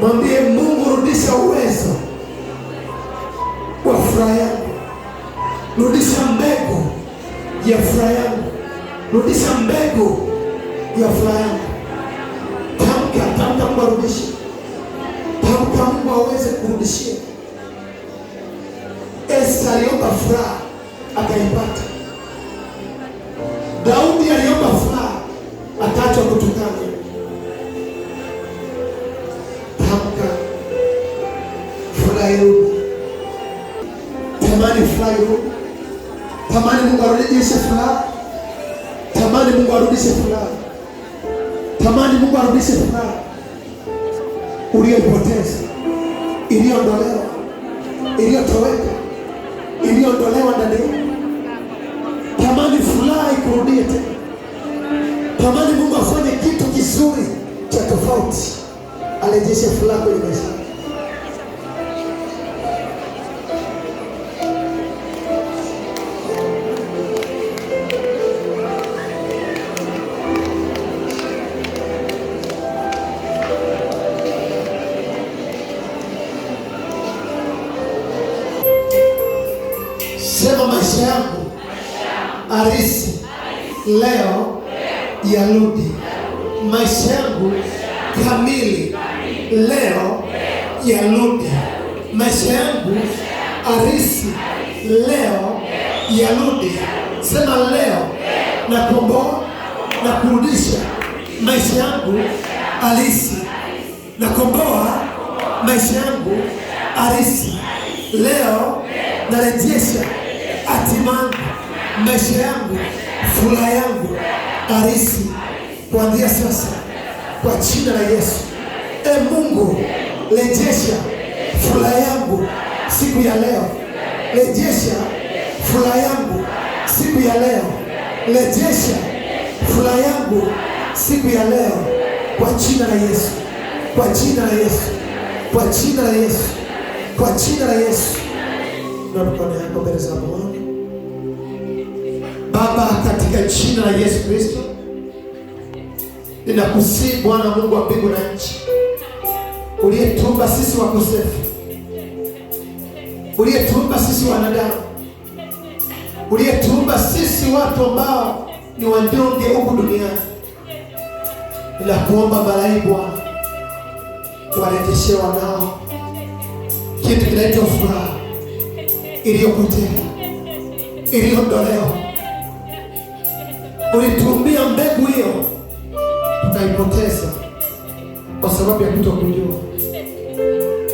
Mwambie Mungu, rudisha uwezo wa furaha yangu, rudisha mbegu ya furaha yangu, rudisha mbegu ya furaha yangu. Tamka, tamka Mungu arudishe, tamka Mungu aweze kurudishia. Esta aliomba furaha akaipata. Daudi aliomba furaha akaachwa kutukana. Yerubu, tamani furaha Yerubu, tamani Mungu arudishe furaha, tamani Mungu arudishe furaha, tamani Mungu arudishe furaha uliyoipoteza, iliyoondolewa, iliyotoweka, iliyoondolewa ndani Tamani furaha ikurudie tena, tamani Mungu afanye kitu kizuri cha tofauti, alejeshe furaha kwenye maisha Sema maisha yangu arisi leo yarudi, maisha yangu kamili leo yarudi, maisha yangu arisi leo yarudi. Sema leo nakomboa na kurudisha maisha yangu arisi, nakomboa maisha yangu arisi leo narejesha hatimangu, maisha yangu, furaha yangu, arisi kuanzia sasa kwa jina la Yesu. E Mungu, rejesha furaha yangu siku ya leo, rejesha furaha yangu siku ya leo, rejesha furaha yangu siku ya leo kwa jina la Yesu, kwa jina la Yesu, kwa jina la Yesu, kwa jina la Yesu. Tunaonekana hapa mbele za Bwana Baba, katika jina la Yesu Kristo, ninakusihi Bwana Mungu wa mbingu na nchi, uliyetumba sisi wakosefu, uliyetumba sisi wanadamu, uliyetumba sisi watu ambao ni wanyonge huku duniani, ninakuomba barai Bwana warejeshe wanao kitu kinaitwa furaha iliyopotea, iliyondolewa, ulituumbia mbegu hiyo, tukaipoteza kwa sababu ya kutokujua.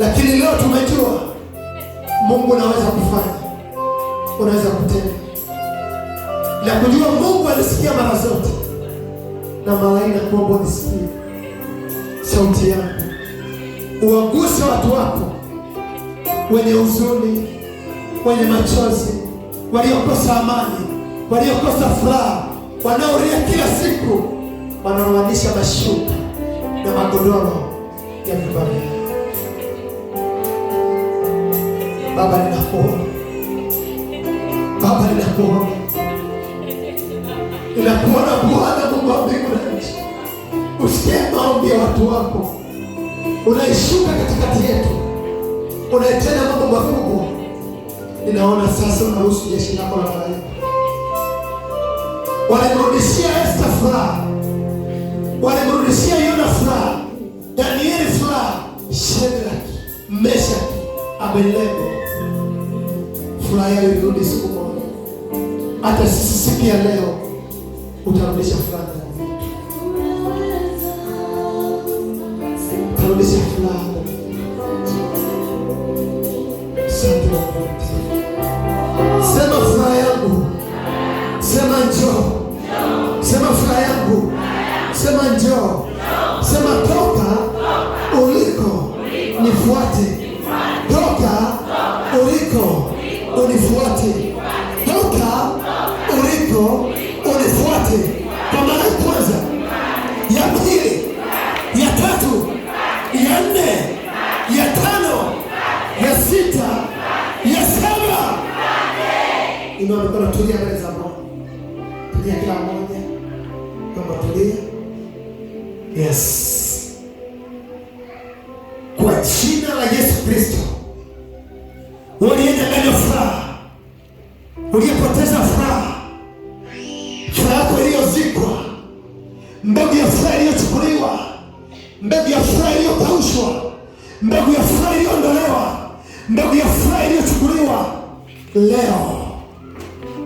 Lakini leo tumejua Mungu anaweza kufanya, unaweza kutenda na kujua. Mungu alisikia mara zote, na malaika kuomba nisikie sauti yako, uwaguse watu wako wenye huzuni wenye machozi, waliokosa amani, waliokosa furaha, wanaolia kila siku, wanaoanisha mashuka na magodoro ya nyumba. Baba, linakuona Baba, linakuona ninakuona Bwana Mungu wa mbingu na nchi, usikie maombi ya watu wako, unaishuka katikati yetu, unaitenda mambo makubwa ninaona sasa unaruhusu jeshi lako la malaika. Walimrudishia Esta furaha, walimrudishia Yona furaha, Danieli furaha, Shedraki, Meshaki, Abednego furaha yao ilirudi siku moja. Hata sisi siku ya leo utarudisha furaha, utarudisha furaha ya pili, ya tatu, ya nne, ya tano, ya sita, ya saba. Inaonekana tulia mbele za Mungu, tulia kila mmoja, kama tulia. Yes, kwa jina la Yesu Kristo, ulienda ndani ya furaha uliyepotea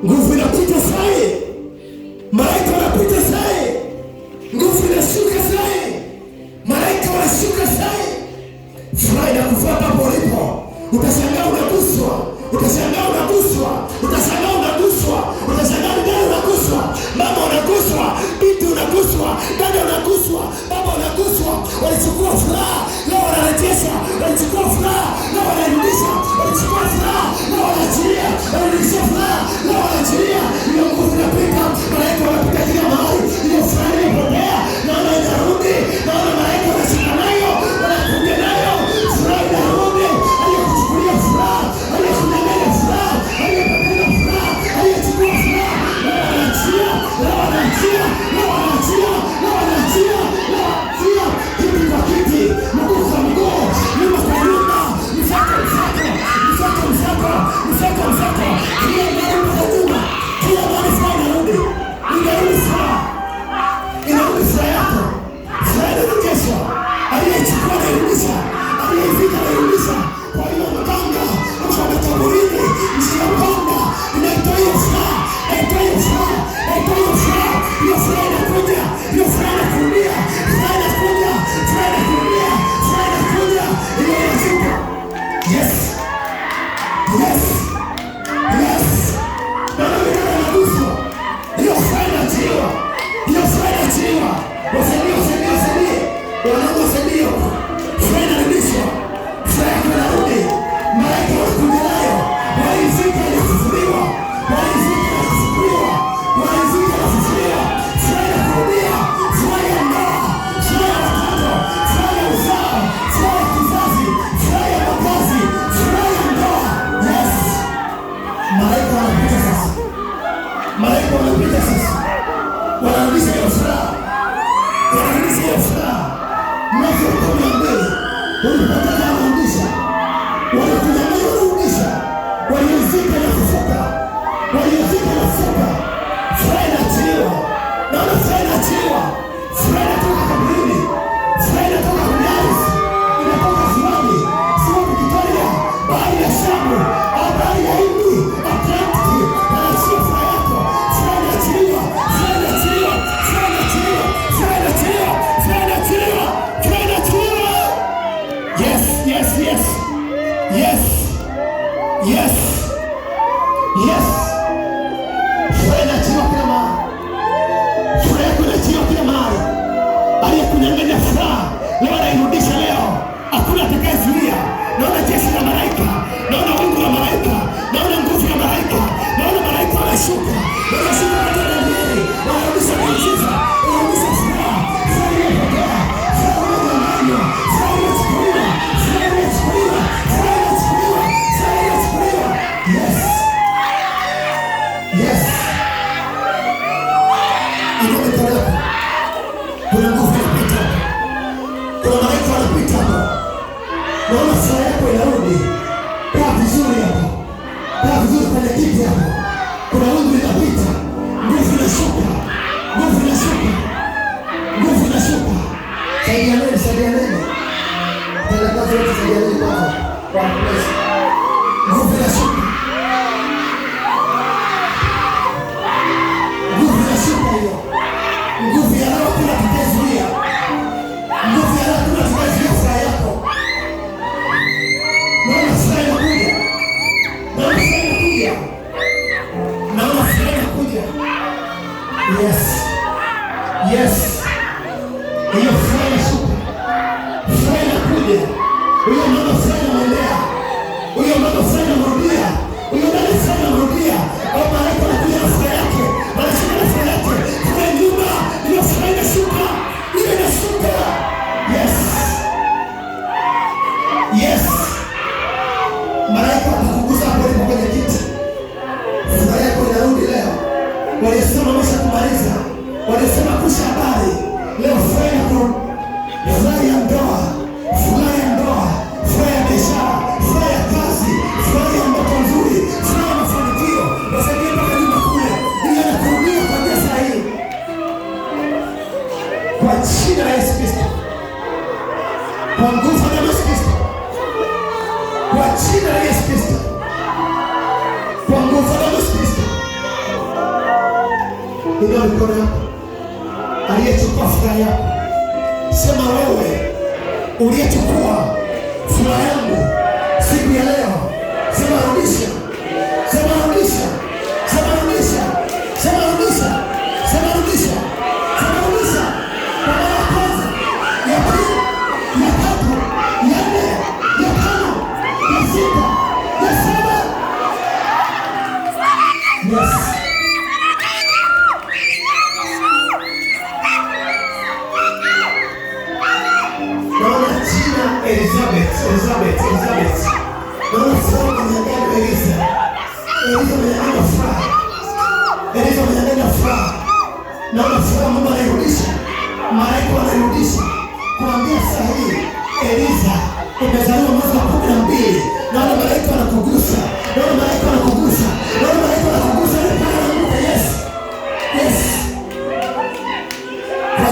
nguvu ina 여기세요. Yes. Yes. Naona saa yako inarudi. Kaa vizuri hapo. Kaa vizuri kwenye kiti hapo. Kuna wingu linapita. Nguvu inashuka. Nguvu inashuka. Yes, yes, hiyo furaha suku, furaha inakuja huyo mama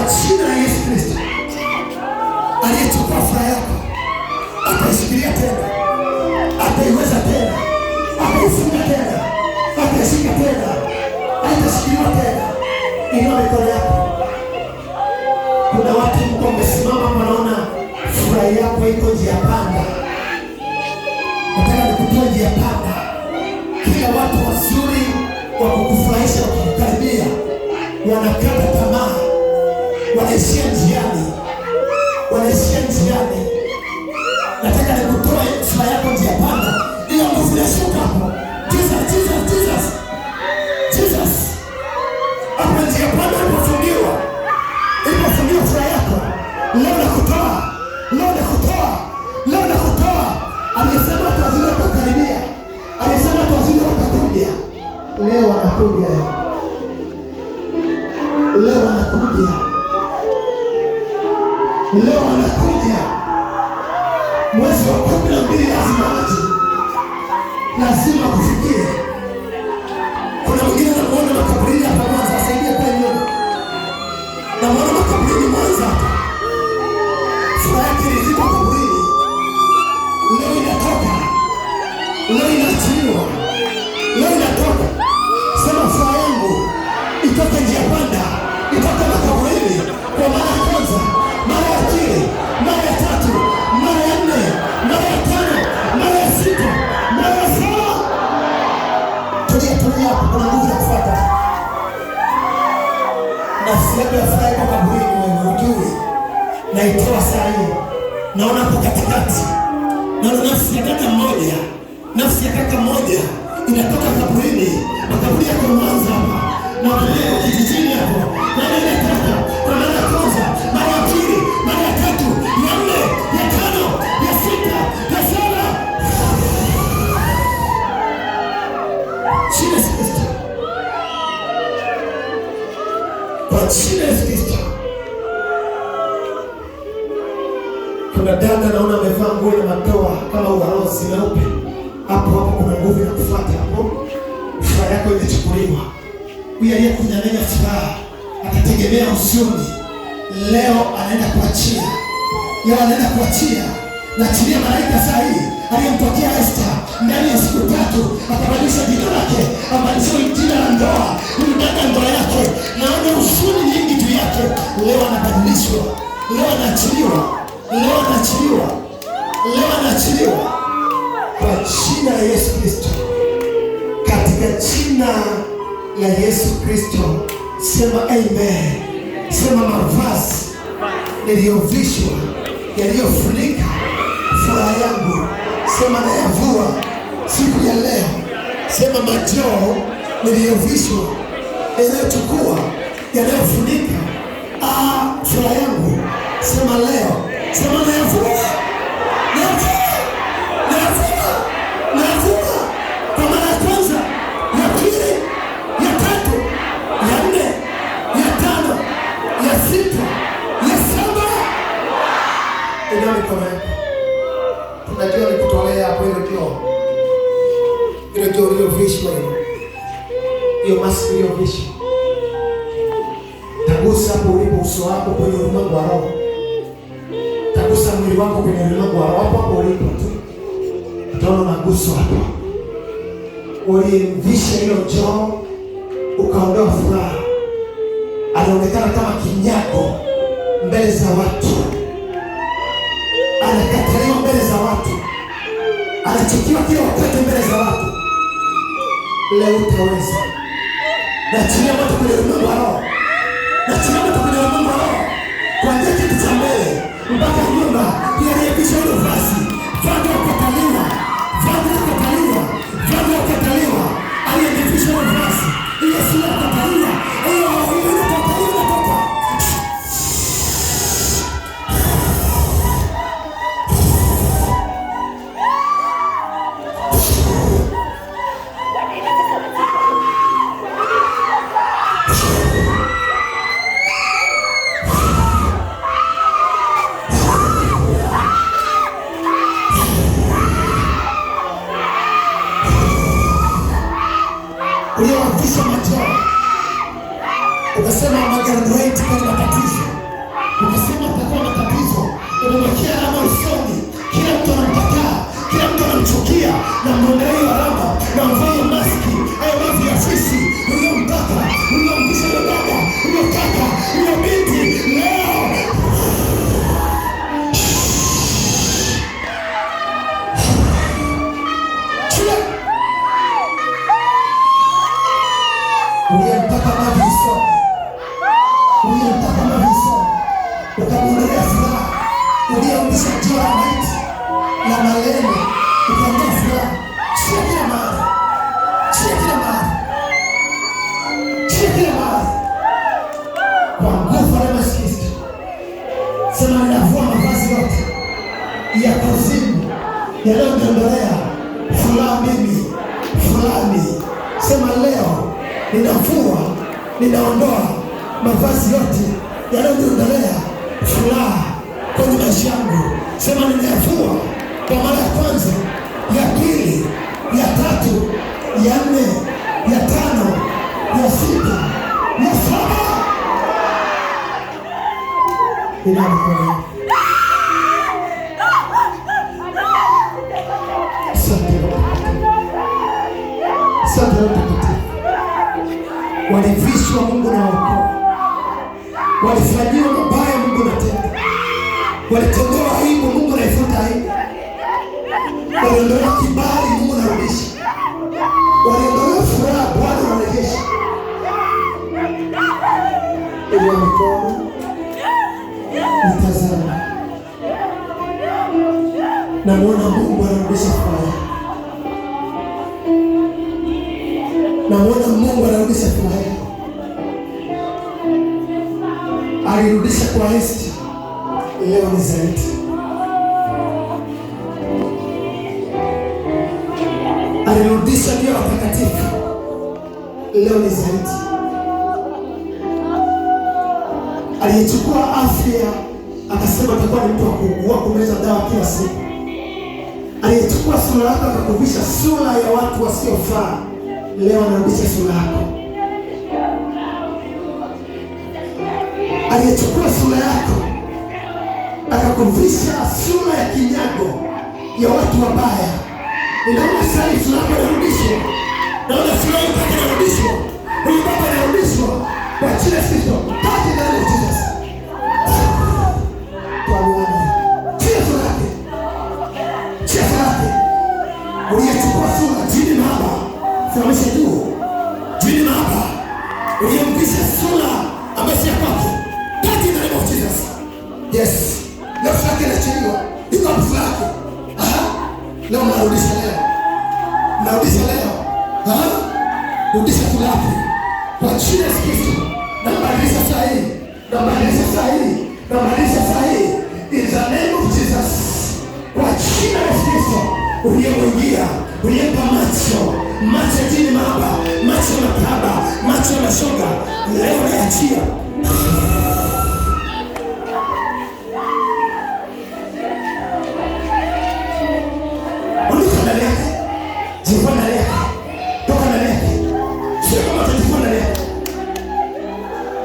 That's Nimeshuka. Jesus, Jesus, Jesus. Jesus. Hapo njia panda ilipofungiwa. Ilipofungiwa furaha yako. Leo nakutoa. Leo nakutoa. Leo nakutoa. Amesema kwa vile utakaribia. Amesema kwa Leo anakuja. kutoa saa naona hapo katikati, naona nafsi ya kaka mmoja, nafsi ya kaka mmoja inatoka kaburini, makaburi yako Mwanza. kuachia, Yehu anaenda kuachia. Naachilia malaika saa hii aliyemtokea Esta, ndani ya siku tatu akabadilisha jina lake, abadilishe jina la ndoa. ulidaka ndoa yake, naona usuni nyingi juu yake. Leo anabadilishwa, leo anaachiliwa, leo anaachiliwa, leo anaachiliwa kwa jina la Yesu Kristo, katika jina la Yesu Kristo. Sema amen, sema mavazi niliyovishwa yaliyofunika furaha yangu, sema nayavua siku ya leo. Sema majoo niliyovishwa yanayochukua yanayofunika ah, furaha yangu, sema leo wako kwenye ulimwengu hawapo hapo ulipo tu, utaona maguso hapo. Ulimvisha hiyo joo, ukaondoa furaha, anaonekana kama kinyago mbele za watu, anakataliwa mbele za watu, anachukiwa kila wakati mbele za watu. Leo utaweza nachilia moto kwenye ulimwengu wa roho, nachilia watu kwenye ulimwengu wa roho mpaka nyumba iharibisha hilo vazi, vazi ukataliwa, vazi ukataliwa, vazi ukataliwa, aliharibisha hilo vazi, ile sura mavazi yote yanayoniondolea furaha kwenye maisha yangu, sema nimeyavua kwa mara ya kwanza, ya pili, ya tatu, ya nne, ya tano, ya sita, ya saba. walifanyiwa mabaya, Mungu natenda, walitendewa aibu, Mungu naifuta aibu, waliondolewa kibali, Mungu narudisha, waliondolewa furaha, Bwana narejesha. Inua mkono nitazama, namwona Mungu anarudisha furaha Eucharisti leo ni zaidi. Alirudisha vio watakatifu leo ni zaidi. Aliyechukua afya akasema atakuwa ni mtu wa kuugua, kumeza dawa kila siku. Aliyechukua sura yako akakuvisha sura ya watu wasiofaa, leo anarudisha sura yako aliyechukua sura yako akakuvisha sura ya kinyago ya watu wabaya. Ninaona sai sura yako inarudishwa, naona sura yako inarudishwa, huyu baba inarudishwa kwa jina sito Kristo, Kwa Bwana uliyechukua sura jini simamisha juu jini uliyemvisha sura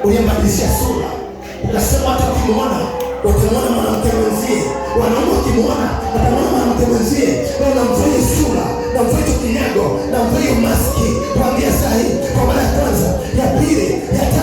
uliyembadilishia sura, ukasema hata ukimwona watamwona mwanamke mwenzie, wanaume wakimwona watamwona mwanamke mwenzie, na unamfanya sura na mfanya kinyago na mfanya maski kuambia sahi kwa mara ya kwanza ya pili ya